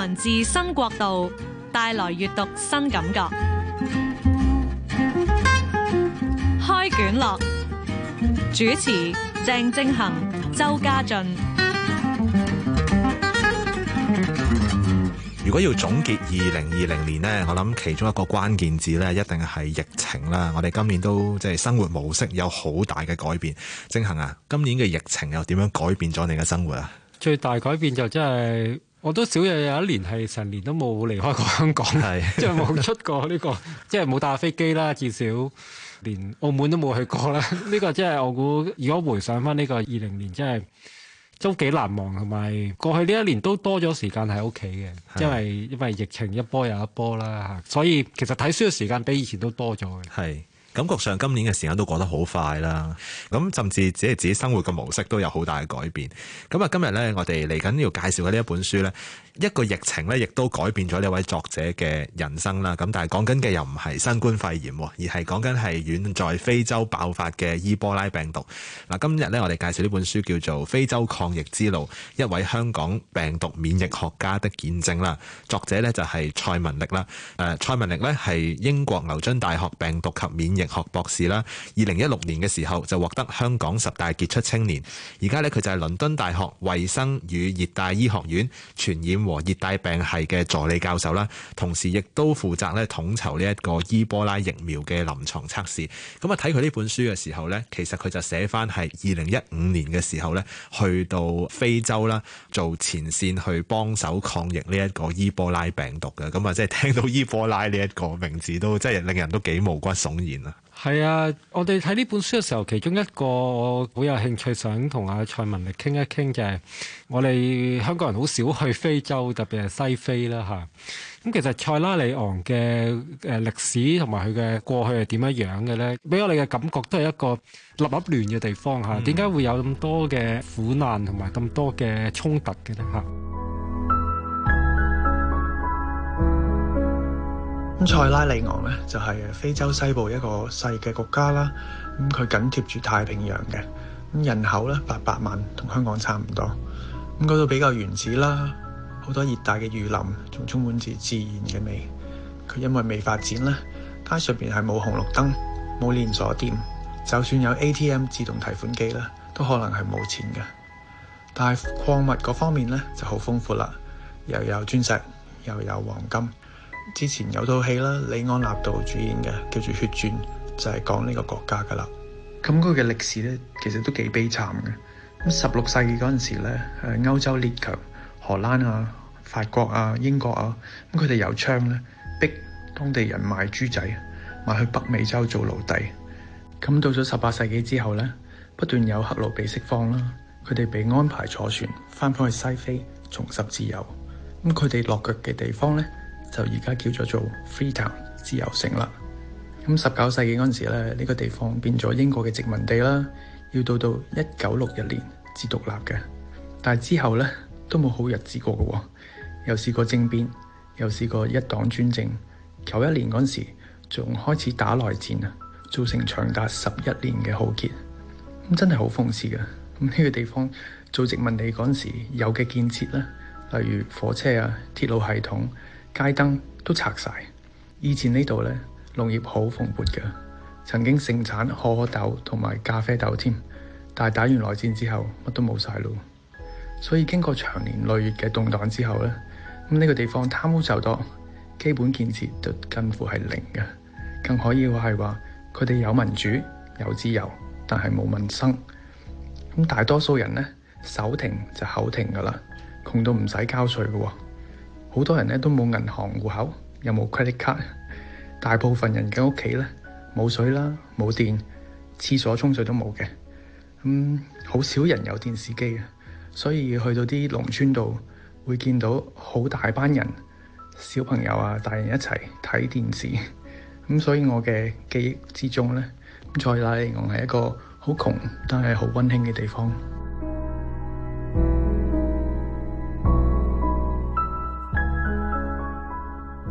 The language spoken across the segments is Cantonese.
文字新國度帶來閱讀新感覺，開卷樂主持鄭正恆、周家俊。如果要總結二零二零年呢，我諗其中一個關鍵字呢，一定係疫情啦。我哋今年都即係生活模式有好大嘅改變。正恆啊，今年嘅疫情又點樣改變咗你嘅生活啊？最大改變就真係。我都少有有一年係成年都冇離開過香港，是 即係冇出過呢、這個，即係冇搭飛機啦。至少連澳門都冇去過啦。呢、這個即係我估，如果回想翻呢、這個二零年，真係都幾難忘。同埋過去呢一年都多咗時間喺屋企嘅，是因為因為疫情一波又一波啦吓，所以其實睇書嘅時間比以前都多咗嘅。感覺上今年嘅時間都過得好快啦，咁甚至只係自己生活嘅模式都有好大嘅改變。咁啊，今日咧我哋嚟緊要介紹嘅呢一本書咧，一個疫情咧亦都改變咗呢位作者嘅人生啦。咁但係講緊嘅又唔係新冠肺炎，而係講緊係遠在非洲爆發嘅伊波拉病毒。嗱，今日咧我哋介紹呢本書叫做《非洲抗疫之路：一位香港病毒免疫學家的見證》啦。作者呢就係蔡文力啦。誒、呃，蔡文力呢係英國牛津大學病毒及免疫學博士啦，二零一六年嘅時候就獲得香港十大傑出青年。而家呢，佢就係倫敦大學衞生與熱帶醫學院傳染和熱帶病系嘅助理教授啦，同時亦都負責咧統籌呢一個伊波拉疫苗嘅臨床測試。咁啊，睇佢呢本書嘅時候呢，其實佢就寫翻係二零一五年嘅時候呢，去到非洲啦做前線去幫手抗疫呢一個伊波拉病毒嘅。咁啊，即係聽到伊波拉呢一個名字都即係令人都幾毛骨悚然！係啊，我哋睇呢本書嘅時候，其中一個好有興趣，想同阿蔡文嚟傾一傾嘅。就是、我哋香港人好少去非洲，特別係西非啦吓，咁其實塞拉里昂嘅誒歷史同埋佢嘅過去係點樣樣嘅咧？俾我哋嘅感覺都係一個立立亂嘅地方吓，點解、嗯、會有咁多嘅苦難同埋咁多嘅衝突嘅咧吓？塞拉利昂呢，就係非洲西部一個細嘅國家啦，咁佢緊貼住太平洋嘅，咁人口咧八百萬，同香港差唔多，咁嗰度比較原始啦，好多熱帶嘅雨林，仲充滿住自然嘅味。佢因為未發展呢，街上邊係冇紅綠燈，冇連鎖店，就算有 ATM 自動提款機啦，都可能係冇錢嘅。但係礦物嗰方面呢，就好豐富啦，又有鑽石，又有黃金。之前有套戲啦，李安納度主演嘅，叫做《血鑽》，就係講呢個國家噶啦。咁佢嘅歷史呢，其實都幾悲慘嘅。咁十六世紀嗰陣時呢，誒歐洲列強荷蘭啊、法國啊、英國啊，咁佢哋有槍呢，逼當地人賣豬仔，賣去北美洲做奴隸。咁到咗十八世紀之後呢，不斷有黑奴被釋放啦，佢哋被安排坐船翻返去西非，重拾自由。咁佢哋落腳嘅地方呢，就而家叫做 Freetown 自由城啦。咁十九世紀嗰陣時咧，呢個地方變咗英國嘅殖民地啦。要到到一九六一年至獨立嘅，但係之後呢，都冇好日子過嘅、哦，又試過政變，又試過一黨專政。九一年嗰陣時仲開始打內戰啊，造成長達十一年嘅浩劫。咁真係好諷刺嘅。咁呢個地方做殖民地嗰陣時有嘅建設呢，例如火車啊、鐵路系統。街燈都拆晒。以前呢度呢，農業好蓬勃嘅，曾經盛產可可豆同埋咖啡豆添，但係打完內戰之後乜都冇晒咯。所以經過長年累月嘅動盪之後呢，咁呢個地方貪污受多，基本建設就近乎係零嘅，更可以話係話佢哋有民主有自由，但係冇民生。咁大多數人呢，手停就口停噶啦，窮到唔使交稅嘅喎。好多人咧都冇銀行戶口，又冇 credit card，大部分人嘅屋企咧冇水啦，冇電，廁所沖水都冇嘅，咁、嗯、好少人有電視機嘅，所以去到啲農村度會見到好大班人，小朋友啊，大人一齊睇電視，咁、嗯、所以我嘅記憶之中咧，塞拉利昂係一個好窮但係好溫馨嘅地方。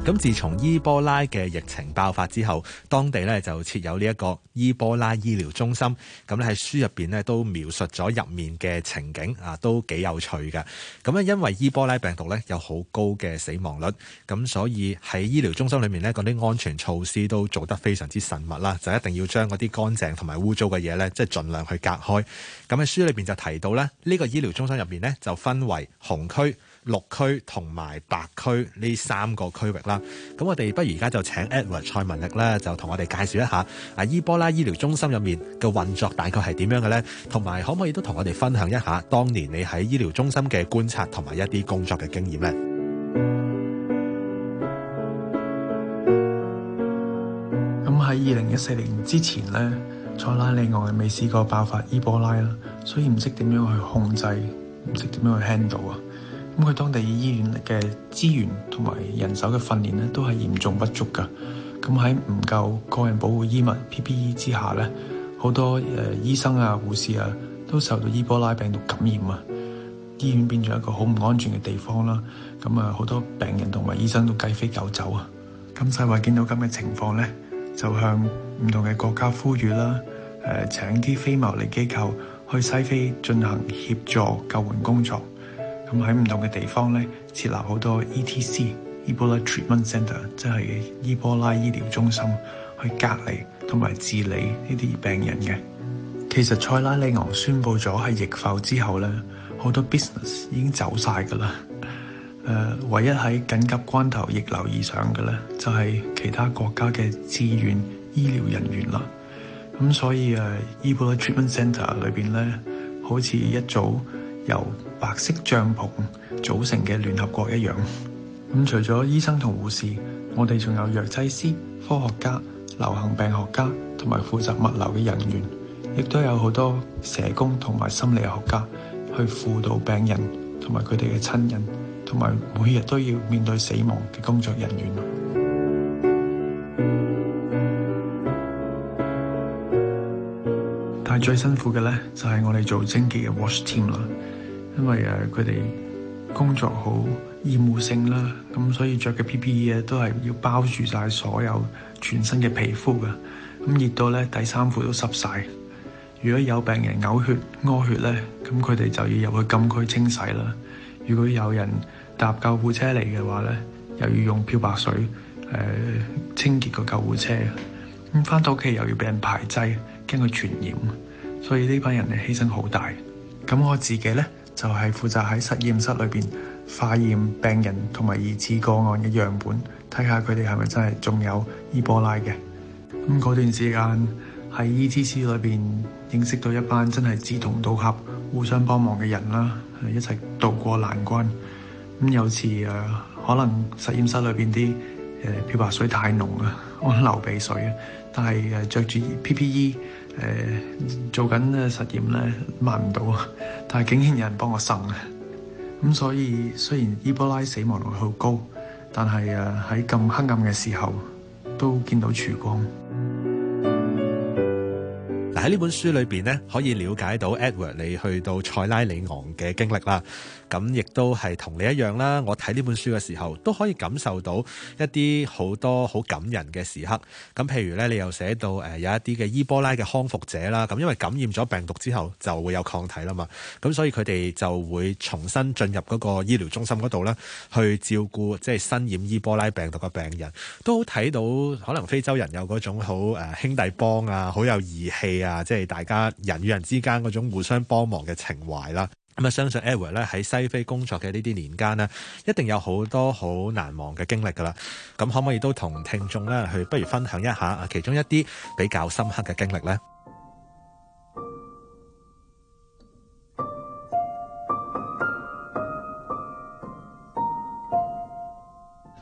咁自從伊波拉嘅疫情爆發之後，當地咧就設有呢一個伊波拉醫療中心。咁咧喺書入邊咧都描述咗入面嘅情景啊，都幾有趣嘅。咁咧因為伊波拉病毒咧有好高嘅死亡率，咁所以喺醫療中心裏面咧嗰啲安全措施都做得非常之慎密啦，就一定要將嗰啲乾淨同埋污糟嘅嘢咧，即係盡量去隔開，咁喺書裏邊就提到咧，呢個醫療中心入邊咧就分為紅區六區同埋白區呢三個區域啦。咁我哋不如而家就請 Edward 蔡文力咧，就同我哋介紹一下啊。伊波拉醫療中心入面嘅運作大概係點樣嘅呢？同埋可唔可以都同我哋分享一下當年你喺醫療中心嘅觀察同埋一啲工作嘅經驗呢？咁喺二零一四年之前呢，塞拉利昂未試過爆發伊波拉啦，所以唔識點樣去控制，唔識點樣去 handle 啊。咁佢當地醫院嘅資源同埋人手嘅訓練咧，都係嚴重不足噶。咁喺唔夠個人保護衣物 PPE 之下咧，好多誒醫生啊、護士啊，都受到伊波拉病毒感染啊。醫院變咗一個好唔安全嘅地方啦。咁啊，好多病人同埋醫生都雞飛狗走啊。咁世衞見到咁嘅情況呢，就向唔同嘅國家呼籲啦，誒、呃、請啲非牟利機構去西非進行協助救援工作。咁喺唔同嘅地方咧，設立好多 ETC Ebola Treatment Centre，即係伊波拉醫療中心，去隔離同埋治理呢啲病人嘅。其實塞拉利昂宣布咗係疫後之後咧，好多 business 已經走晒㗎啦。誒、呃，唯一喺緊急關頭逆流而上嘅咧，就係其他國家嘅志願醫療人員啦。咁、嗯、所以誒、啊、Ebola Treatment Centre 裏邊咧，好似一早由白色帳篷組成嘅聯合國一樣，咁、 嗯、除咗醫生同護士，我哋仲有藥劑師、科學家、流行病學家，同埋負責物流嘅人員，亦都有好多社工同埋心理學家去輔導病人同埋佢哋嘅親人，同埋每日都要面對死亡嘅工作人員。 但係最辛苦嘅呢，就係、是、我哋做清潔嘅 wash team 啦。因為誒，佢哋工作好厭惡性啦，咁所以着嘅 PPE 咧都係要包住晒所有全身嘅皮膚嘅。咁熱到咧，底衫褲都濕晒。如果有病人嘔、呃、血、屙、呃、血咧，咁佢哋就要入去禁區清洗啦。如果有人搭救護車嚟嘅話咧，又要用漂白水誒、呃、清潔個救護車。咁翻到屋企又要俾人排擠，驚佢傳染，所以呢班人嘅犧牲好大。咁我自己咧。就係負責喺實驗室裏邊化驗病人同埋疑似個案嘅樣本，睇下佢哋係咪真係仲有伊波拉嘅？咁嗰段時間喺 ETC 裏邊認識到一班真係志同道合、互相幫忙嘅人啦，一齊渡過難關。咁有次誒、呃，可能實驗室裏邊啲誒漂白水太濃啊，我流鼻水啊，但係誒著住 PPE 誒、呃、做緊嘅實驗咧，買唔到，但係竟然有人幫我腎啊！咁、 嗯、所以雖然伊波拉死亡率好高，但係誒喺咁黑暗嘅時候都見到曙光。呢本書裏邊咧，可以了解到 Edward 你去到塞拉利昂嘅經歷啦。咁亦都係同你一樣啦。我睇呢本書嘅時候，都可以感受到一啲好多好感人嘅時刻。咁譬如咧，你又寫到誒有一啲嘅伊波拉嘅康復者啦。咁因為感染咗病毒之後就會有抗體啦嘛。咁所以佢哋就會重新進入嗰個醫療中心嗰度啦，去照顧即係身染伊波拉病毒嘅病人。都睇到可能非洲人有嗰種好誒兄弟幫啊，好有義氣啊。即係大家人與人之間嗰種互相幫忙嘅情懷啦。咁、嗯、啊，相信 Edward 咧喺西非工作嘅呢啲年間呢，一定有好多好難忘嘅經歷噶啦。咁、嗯、可唔可以都同聽眾呢去不如分享一下啊？其中一啲比較深刻嘅經歷呢？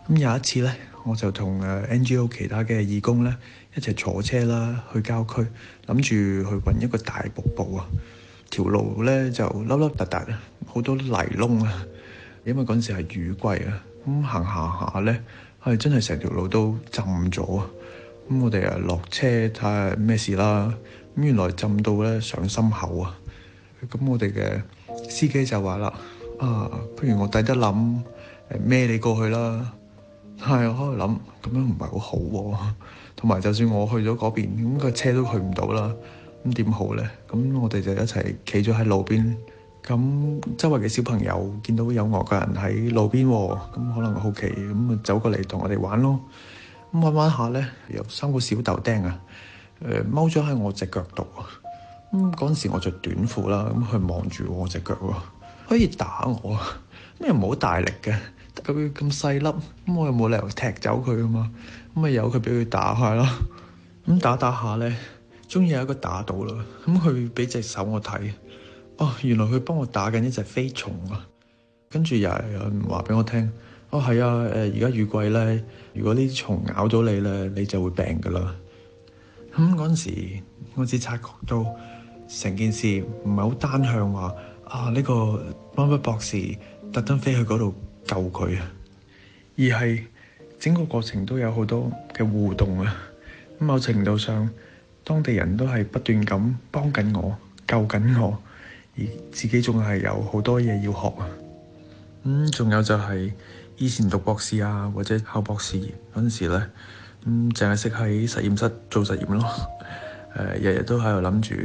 咁有一次呢。我就同誒 NGO 其他嘅義工咧一齊坐車啦，去郊區，諗住去揾一個大瀑布啊。條路咧就凹凹凸凸，好多泥窿啊。因為嗰陣時係雨季啊，咁行下行下咧係真係成條路都浸咗啊。咁我哋啊落車睇下咩事啦。咁原來浸到咧上心口啊。咁我哋嘅司機就話啦：啊，不如我抵得諗孭你過去啦。係，我喺度諗，咁樣唔係好好、啊、喎。同埋，就算我去咗嗰邊，咁、個車都去唔到啦。咁點好咧？咁我哋就一齊企咗喺路邊。咁周圍嘅小朋友見到有外國人喺路邊、啊，咁可能好奇，咁啊走過嚟同我哋玩咯。咁玩玩下咧，有三個小豆丁啊，誒踎咗喺我隻腳度。咁嗰陣時我着短褲啦，咁佢望住我隻腳喎，可以打我，咩唔好大力嘅。咁佢咁細粒，咁我又冇理由踢走佢噶嘛，咁咪由佢俾佢打下啦。咁 打打下咧，終於有一個打到啦。咁佢俾隻手我睇，哦，原來佢幫我打緊一隻飛蟲啊。跟住又又話俾我聽，哦，係啊，誒而家雨季咧，如果呢啲蟲咬到你咧，你就會病噶啦。咁嗰陣時，我先察覺到成件事唔係好單向話啊。呢、呢個魔法博士特登飛去嗰度。救佢啊！而係整個過程都有好多嘅互動啊！咁 某程度上，當地人都係不斷咁幫緊我、救緊我，而自己仲係有好多嘢要學啊！嗯，仲有就係、是、以前讀博士啊，或者考博士嗰陣時咧，嗯，淨係識喺實驗室做實驗咯。誒、 呃，日日都喺度諗住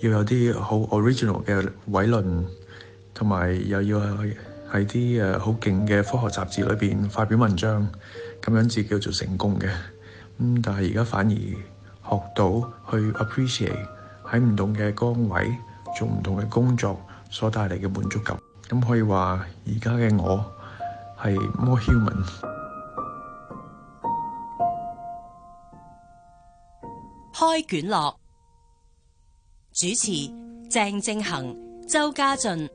要有啲好 original 嘅偉論，同埋又要。喺啲誒好勁嘅科學雜誌裏邊發表文章，咁樣至叫做成功嘅。咁但係而家反而學到去 appreciate 喺唔同嘅崗位做唔同嘅工作所帶嚟嘅滿足感。咁可以話而家嘅我係 more human。開卷樂，主持鄭正恒、周家俊。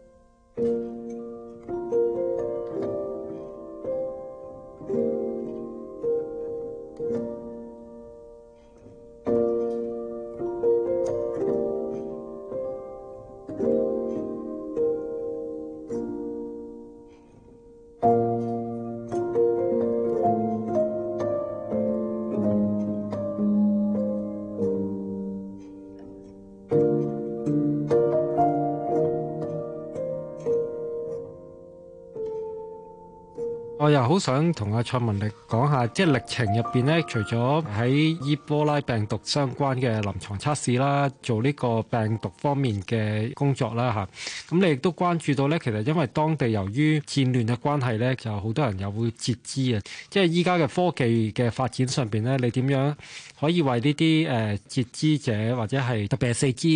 想同阿蔡文力講下，即係歷程入邊咧，除咗喺伊波拉病毒相關嘅臨床測試啦，做呢個病毒方面嘅工作啦，吓、啊，咁你亦都關注到咧，其實因為當地由於戰亂嘅關係咧，就好多人又會截肢啊，即係依家嘅科技嘅發展上邊咧，你點樣可以為呢啲誒截肢者或者係特別係四肢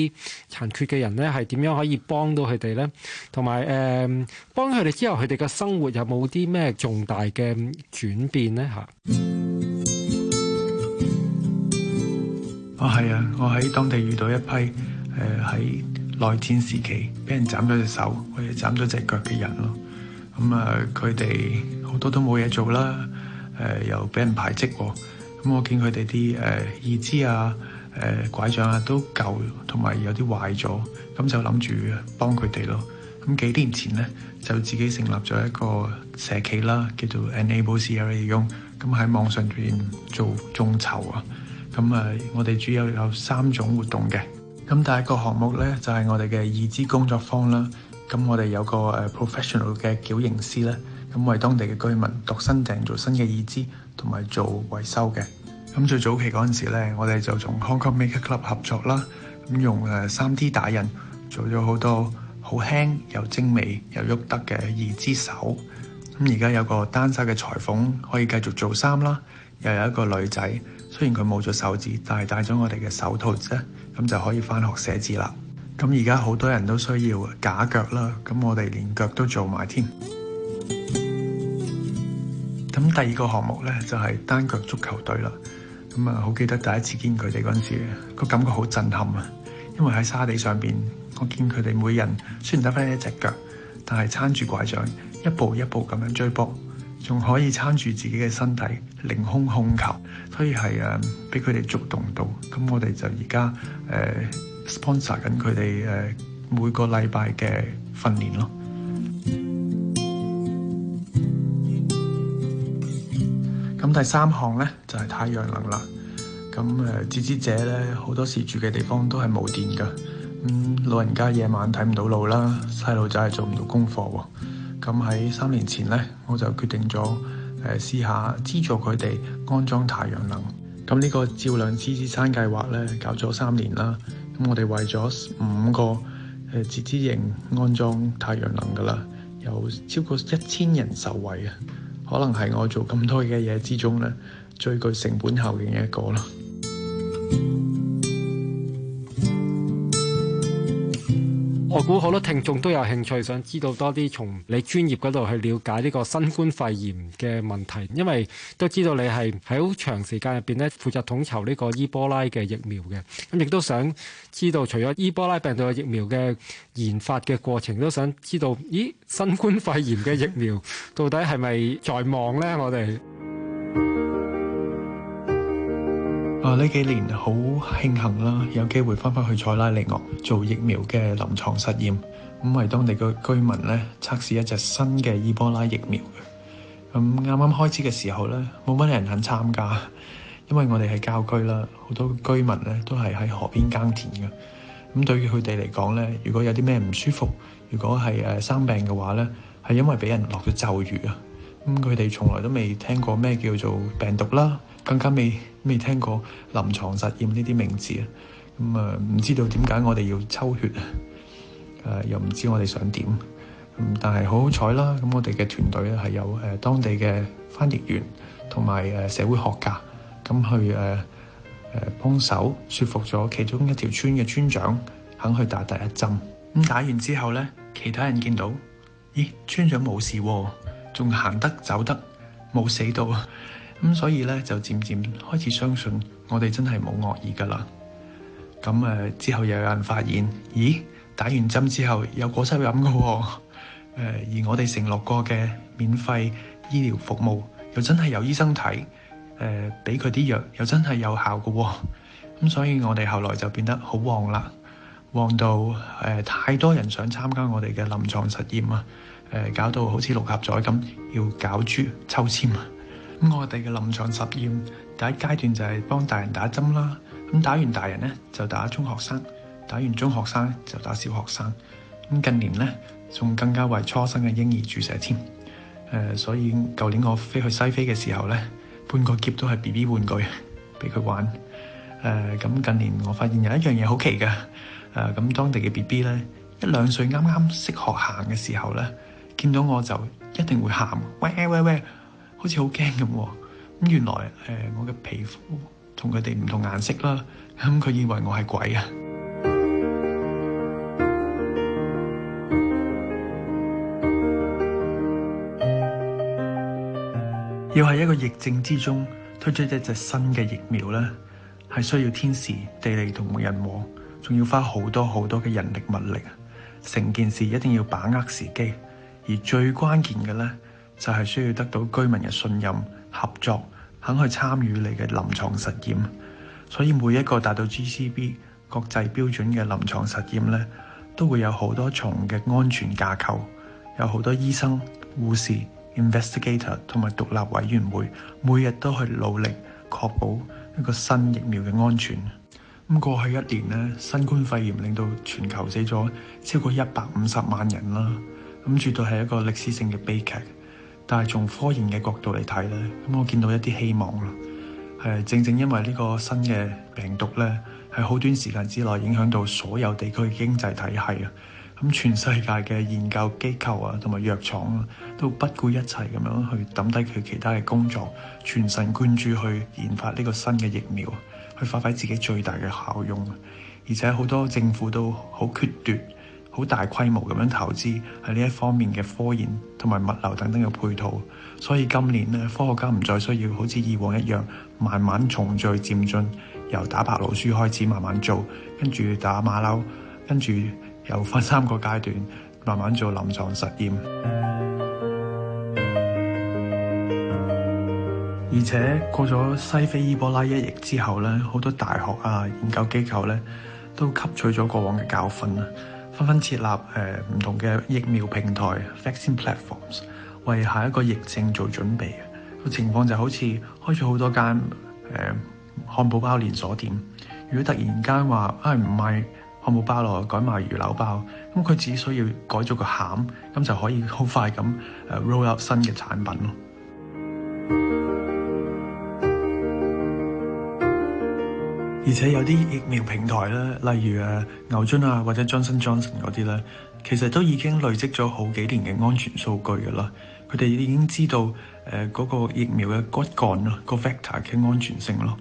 殘缺嘅人咧，係點樣可以幫到佢哋咧？同埋誒，幫佢哋之後，佢哋嘅生活有冇啲咩重大？嘅轉變咧嚇，哦，係啊，我喺當地遇到一批誒喺、呃、內戰時期俾人斬咗隻手或者斬咗隻腳嘅人咯，咁啊佢哋好多都冇嘢做啦，誒、呃、又俾人排斥喎，咁、嗯、我見佢哋啲誒義肢啊、誒、呃、枴杖啊都舊同埋有啲壞咗，咁、嗯、就諗住幫佢哋咯。咁幾年前咧，就自己成立咗一個社企啦，叫做 Enable Sierra Leone。咁喺網上邊做眾籌啊。咁誒，我哋主要有三種活動嘅。咁第一個項目咧，就係我哋嘅義肢工作坊啦。咁我哋有個誒 professional 嘅矯形師咧，咁為當地嘅居民度身訂做新嘅義肢，同埋做維修嘅。咁最早期嗰陣時咧，我哋就同 Hong Kong Maker Club 合作啦，咁用誒 3D 打印做咗好多。好輕又精美又喐得嘅二支手，咁而家有個單手嘅裁縫可以繼續做衫啦。又有一個女仔，雖然佢冇咗手指，但係戴咗我哋嘅手套啫，咁就可以返學寫字啦。咁而家好多人都需要假腳啦，咁我哋連腳都做埋添。咁第二個項目呢，就係、是、單腳足球隊啦。咁啊，好記得第一次見佢哋嗰陣時，個感覺好震撼啊，因為喺沙地上邊。我見佢哋每人雖然得翻一隻腳，但係撐住拐杖，一步一步咁樣追波，仲可以撐住自己嘅身體，凌空控球，所以係誒俾佢哋觸動到。咁我哋就而家誒 sponsor 緊佢哋誒每個禮拜嘅訓練咯。咁 第三項咧就係、是、太陽能啦。咁誒，截、呃、肢者咧好多時住嘅地方都係冇電噶。咁、嗯、老人家夜晚睇唔到路啦，細路仔係做唔到功課喎。咁喺三年前呢，我就決定咗，誒、呃，試下資助佢哋安裝太陽能。咁呢、這個照亮獅子山計劃呢，搞咗三年啦。咁我哋為咗五個誒截肢型安裝太陽能噶啦，有超過一千人受惠啊。可能係我做咁多嘅嘢之中呢，最具成本效應嘅一個啦。我估好多聽眾都有興趣，想知道多啲從你專業嗰度去了解呢個新冠肺炎嘅問題，因為都知道你係喺好長時間入邊咧負責統籌呢個伊波拉嘅疫苗嘅，咁亦都想知道除咗伊波拉病毒嘅疫苗嘅研發嘅過程，都想知道，咦新冠肺炎嘅疫苗到底係咪在望呢？我哋。啊！呢幾年好慶幸啦，有機會翻返去塞拉利昂做疫苗嘅臨床實驗。咁為當地嘅居民咧測試一隻新嘅伊波拉疫苗嘅。咁啱啱開始嘅時候咧，冇乜人肯參加，因為我哋係郊區啦，好多居民咧都係喺河邊耕田嘅。咁對於佢哋嚟講咧，如果有啲咩唔舒服，如果係誒生病嘅話咧，係因為俾人落咗咒語啊！咁佢哋從來都未聽過咩叫做病毒啦。更加未未聽過臨床實驗呢啲名字啊，咁啊唔知道點解我哋要抽血啊？誒、嗯、又唔知我哋想點、嗯，但係好好彩啦！咁、嗯、我哋嘅團隊咧係有誒、呃、當地嘅翻譯員同埋誒社會學家咁、嗯、去誒誒、呃呃、幫手説服咗其中一條村嘅村長肯去打第一針。咁打完之後咧，其他人見到，咦，村長冇事喎，仲行得走得冇死到。咁、嗯、所以咧就漸漸開始相信我哋真係冇惡意噶啦。咁誒、呃、之後又有人發現，咦？打完針之後有果汁飲噶喎、哦呃。而我哋承諾過嘅免費醫療服務又真係由醫生睇，誒俾佢啲藥又真係有效噶喎、哦。咁、呃、所以我哋後來就變得好旺啦，旺到誒、呃、太多人想參加我哋嘅臨床實驗啊，誒、呃、搞到好似六合彩咁要搞住抽籤啊！咁我哋嘅臨床實驗第一階段就係幫大人打針啦，咁打完大人咧就打中學生，打完中學生就打小學生。咁近年咧仲更加為初生嘅嬰兒注射添。誒、呃，所以舊年我飛去西非嘅時候咧，半個篋都係 B B 玩具俾佢 玩。誒、呃，咁近年我發現有一樣嘢好奇嘅，誒、呃，咁當地嘅 B B 咧一兩歲啱啱識學行嘅時候咧，見到我就一定會喊，喂喂喂！好似好驚咁喎，原來、呃、我嘅皮膚同佢哋唔同顏色啦，咁、嗯、佢以為我係鬼啊！ 要喺一個疫症之中推出一隻新嘅疫苗咧，係需要天時地利同人和，仲要花好多好多嘅人力物力，成件事一定要把握時機，而最關鍵嘅咧。就係需要得到居民嘅信任、合作，肯去參與你嘅臨床實驗。所以每一個達到 GCB 國際標準嘅臨床實驗呢，都會有好多重嘅安全架構，有好多醫生、護士、investigator 同埋獨立委員會，每日都去努力確保一個新疫苗嘅安全。咁過去一年呢，新冠肺炎令到全球死咗超過一百五十萬人啦，咁絕對係一個歷史性嘅悲劇。但係從科研嘅角度嚟睇咧，咁我見到一啲希望啦。係正正因為呢個新嘅病毒咧，係好短時間之內影響到所有地區經濟體係啊。咁全世界嘅研究機構啊，同埋藥廠啊，都不顧一切咁樣去抌低佢其他嘅工作，全神貫注去研發呢個新嘅疫苗，去發揮自己最大嘅效用。而且好多政府都好決斷。好大規模咁樣投資喺呢一方面嘅科研同埋物流等等嘅配套，所以今年呢，科學家唔再需要好似以往一樣，慢慢重聚漸進，由打白老鼠開始，慢慢做，跟住打馬騮，跟住又分三個階段慢慢做臨床實驗。而且過咗西非伊波拉一役之後呢，好多大學啊、研究機構呢都吸取咗過往嘅教訓啊。紛紛設立誒、呃、唔同嘅疫苗平台 vaccine platforms，為下一個疫症做準備嘅，個情況就好似開咗好多間誒、呃、漢堡包連鎖店，如果突然間話唉，哎、唔賣漢堡包咯，改賣魚柳包，咁佢只需要改咗個餡，咁就可以好快咁誒、呃、roll out 新嘅產品咯。 而且有啲疫苗平台咧，例如誒牛津啊，或者 John Johnson Johnson 嗰啲咧，其實都已經累積咗好幾年嘅安全數據噶啦。佢哋已經知道誒嗰、呃嗰個疫苗嘅骨幹啊，嗰個 vector 嘅安全性咯。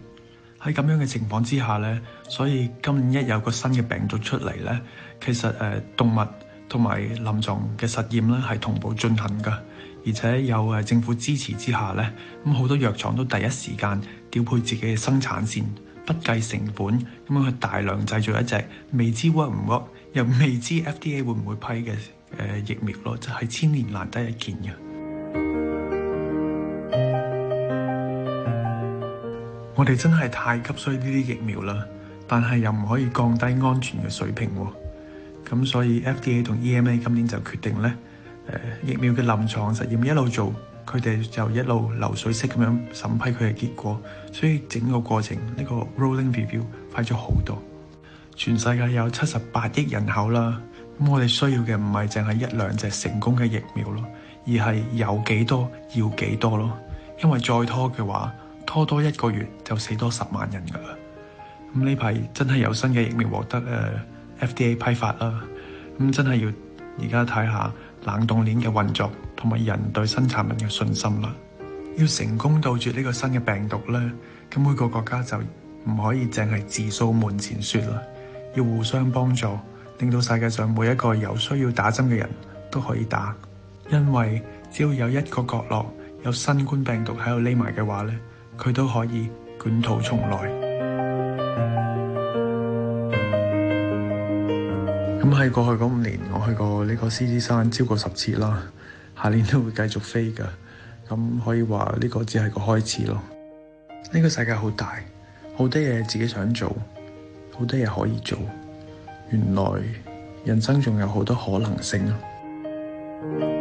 喺咁樣嘅情況之下咧，所以今年一有一個新嘅病毒出嚟咧，其實誒、呃、動物同埋臨床嘅實驗咧係同步進行噶，而且有誒政府支持之下咧，咁好多藥廠都第一時間調配自己嘅生產線。不計成本咁樣去大量製造一隻未知 work 唔 work 又未知 FDA 會唔會批嘅、呃、疫苗咯，就係、是、千年難得一見嘅。 我哋真係太急需呢啲疫苗啦，但係又唔可以降低安全嘅水平喎。咁所以 FDA 同 EMA 今年就決定呢誒、呃、疫苗嘅臨床實驗一路做。佢哋就一路流水式咁樣審批佢嘅結果，所以整個過程呢個 rolling review 快咗好多。全世界有七十八億人口啦，咁我哋需要嘅唔係淨係一兩隻成功嘅疫苗咯，而係有幾多要幾多咯。因為再拖嘅話，拖多一個月就死多十萬人噶啦。咁呢排真係有新嘅疫苗獲得誒、uh, FDA 批發啦，咁真係要而家睇下冷凍鏈嘅運作。同埋人對新產品嘅信心啦，要成功杜絕呢個新嘅病毒咧，咁每個國家就唔可以淨係自掃門前雪啦，要互相幫助，令到世界上每一個有需要打針嘅人都可以打，因為只要有一個角落有新冠病毒喺度匿埋嘅話咧，佢都可以捲土重來。咁喺過去嗰五年，我去過呢個獅子山超過十次啦。下年都會繼續飛㗎，咁可以話呢個只係個開始咯。呢個世界好大，好多嘢自己想做，好多嘢可以做，原來人生仲有好多可能性咯。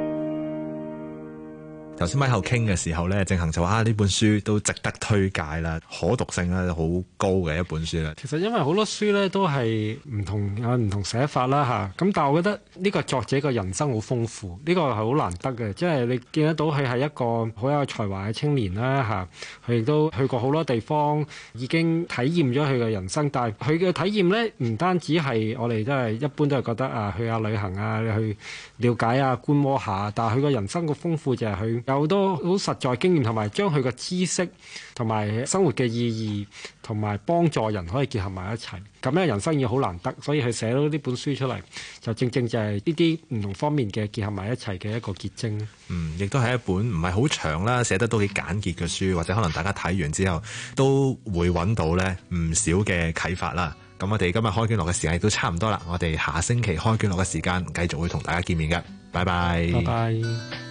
頭先尾後傾嘅時候咧，正恒就話啊，呢本書都值得推介啦，可讀性咧好高嘅一本書啦。其實因為好多書咧都係唔同有唔同寫法啦嚇，咁但係我覺得呢個作者嘅人生好豐富，呢個係好難得嘅，即係你見得到佢係一個好有才華嘅青年啦嚇，佢亦都去過好多地方，已經體驗咗佢嘅人生。但係佢嘅體驗咧唔單止係我哋都係一般都係覺得啊，去下旅行啊、去了解啊、觀摩下，但係佢個人生個豐富就係佢。有好多好實在經驗，同埋將佢個知識同埋生活嘅意義，同埋幫助人可以結合埋一齊。咁樣人生已經好難得，所以佢寫到呢本書出嚟，就正正就係呢啲唔同方面嘅結合埋一齊嘅一個結晶。嗯，亦都係一本唔係好長啦，寫得都幾簡潔嘅書，或者可能大家睇完之後都會揾到呢唔少嘅啟發啦。咁我哋今日開卷樂嘅時間亦都差唔多啦，我哋下星期開卷樂嘅時間繼續會同大家見面嘅，拜拜。Bye bye.